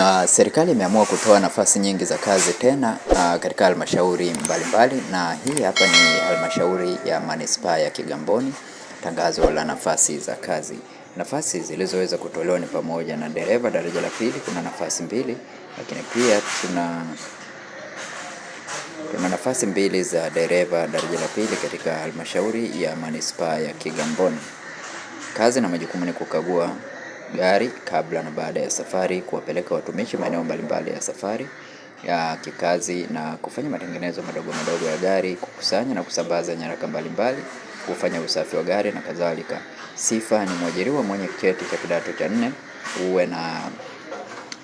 Na serikali imeamua kutoa nafasi nyingi za kazi tena uh, katika halmashauri mbalimbali, na hii hapa ni halmashauri ya manispaa ya Kigamboni, tangazo la nafasi za kazi. Nafasi zilizoweza kutolewa ni pamoja na dereva daraja la pili, kuna nafasi mbili, lakini pia tuna tuna nafasi mbili za dereva daraja la pili katika halmashauri ya manispaa ya Kigamboni. Kazi na majukumu ni kukagua gari kabla na baada ya safari, kuwapeleka watumishi maeneo mbalimbali ya safari ya kikazi na kufanya matengenezo madogo madogo ya gari, kukusanya na kusambaza nyaraka mbalimbali, kufanya usafi wa gari na kadhalika. Sifa ni mwajiriwa mwenye cheti cha kidato cha nne, uwe na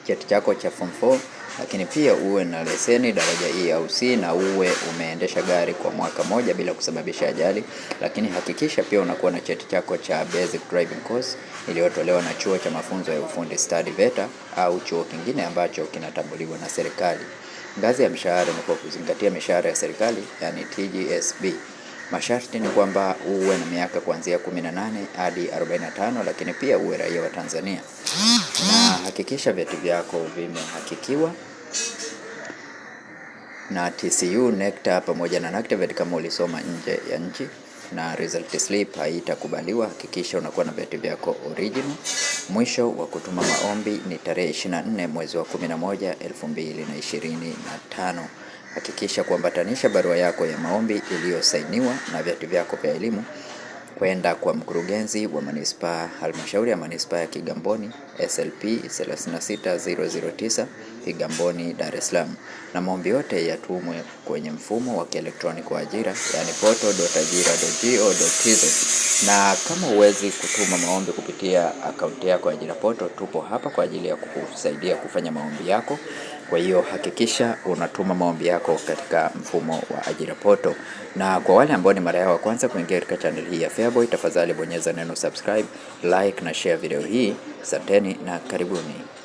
cheti chako cha form 4 lakini pia uwe na leseni daraja E au C na uwe umeendesha gari kwa mwaka moja bila kusababisha ajali. Lakini hakikisha pia unakuwa na cheti chako cha basic driving course iliyotolewa na chuo cha mafunzo ya ufundi stadi VETA au chuo kingine ambacho kinatambuliwa na serikali. Ngazi ya mshahara ni kwa kuzingatia mishahara ya serikali, yani TGSB. Masharti ni kwamba uwe na miaka kuanzia 18 hadi 45, lakini pia uwe raia wa Tanzania na hakikisha vyeti vyako vimehakikiwa na TCU, NECTA pamoja na NACTVET kama ulisoma nje ya nchi na result slip haitakubaliwa. Hakikisha unakuwa na vyeti vyako original. Mwisho wa kutuma maombi ni tarehe 24 mwezi wa 11 2025. Hakikisha kuambatanisha barua yako ya maombi iliyosainiwa na vyeti vyako vya elimu kwenda kwa mkurugenzi wa manispaa halmashauri ya manispaa ya Kigamboni SLP 36009 Kigamboni, Dar es Salaam, na maombi yote yatumwe kwenye mfumo wa kielektroniki wa ajira, yani poto.ajira.go.tz. Na kama huwezi kutuma maombi kupitia akaunti yako ya Ajira Portal, tupo hapa kwa ajili ya kukusaidia kufanya maombi yako. Kwa hiyo hakikisha unatuma maombi yako katika mfumo wa Ajira Portal. Na kwa wale ambao ni mara yao wa kwanza kuingia katika channel hii ya Feaboy, tafadhali bonyeza neno subscribe, like na share video hii. Asanteni na karibuni.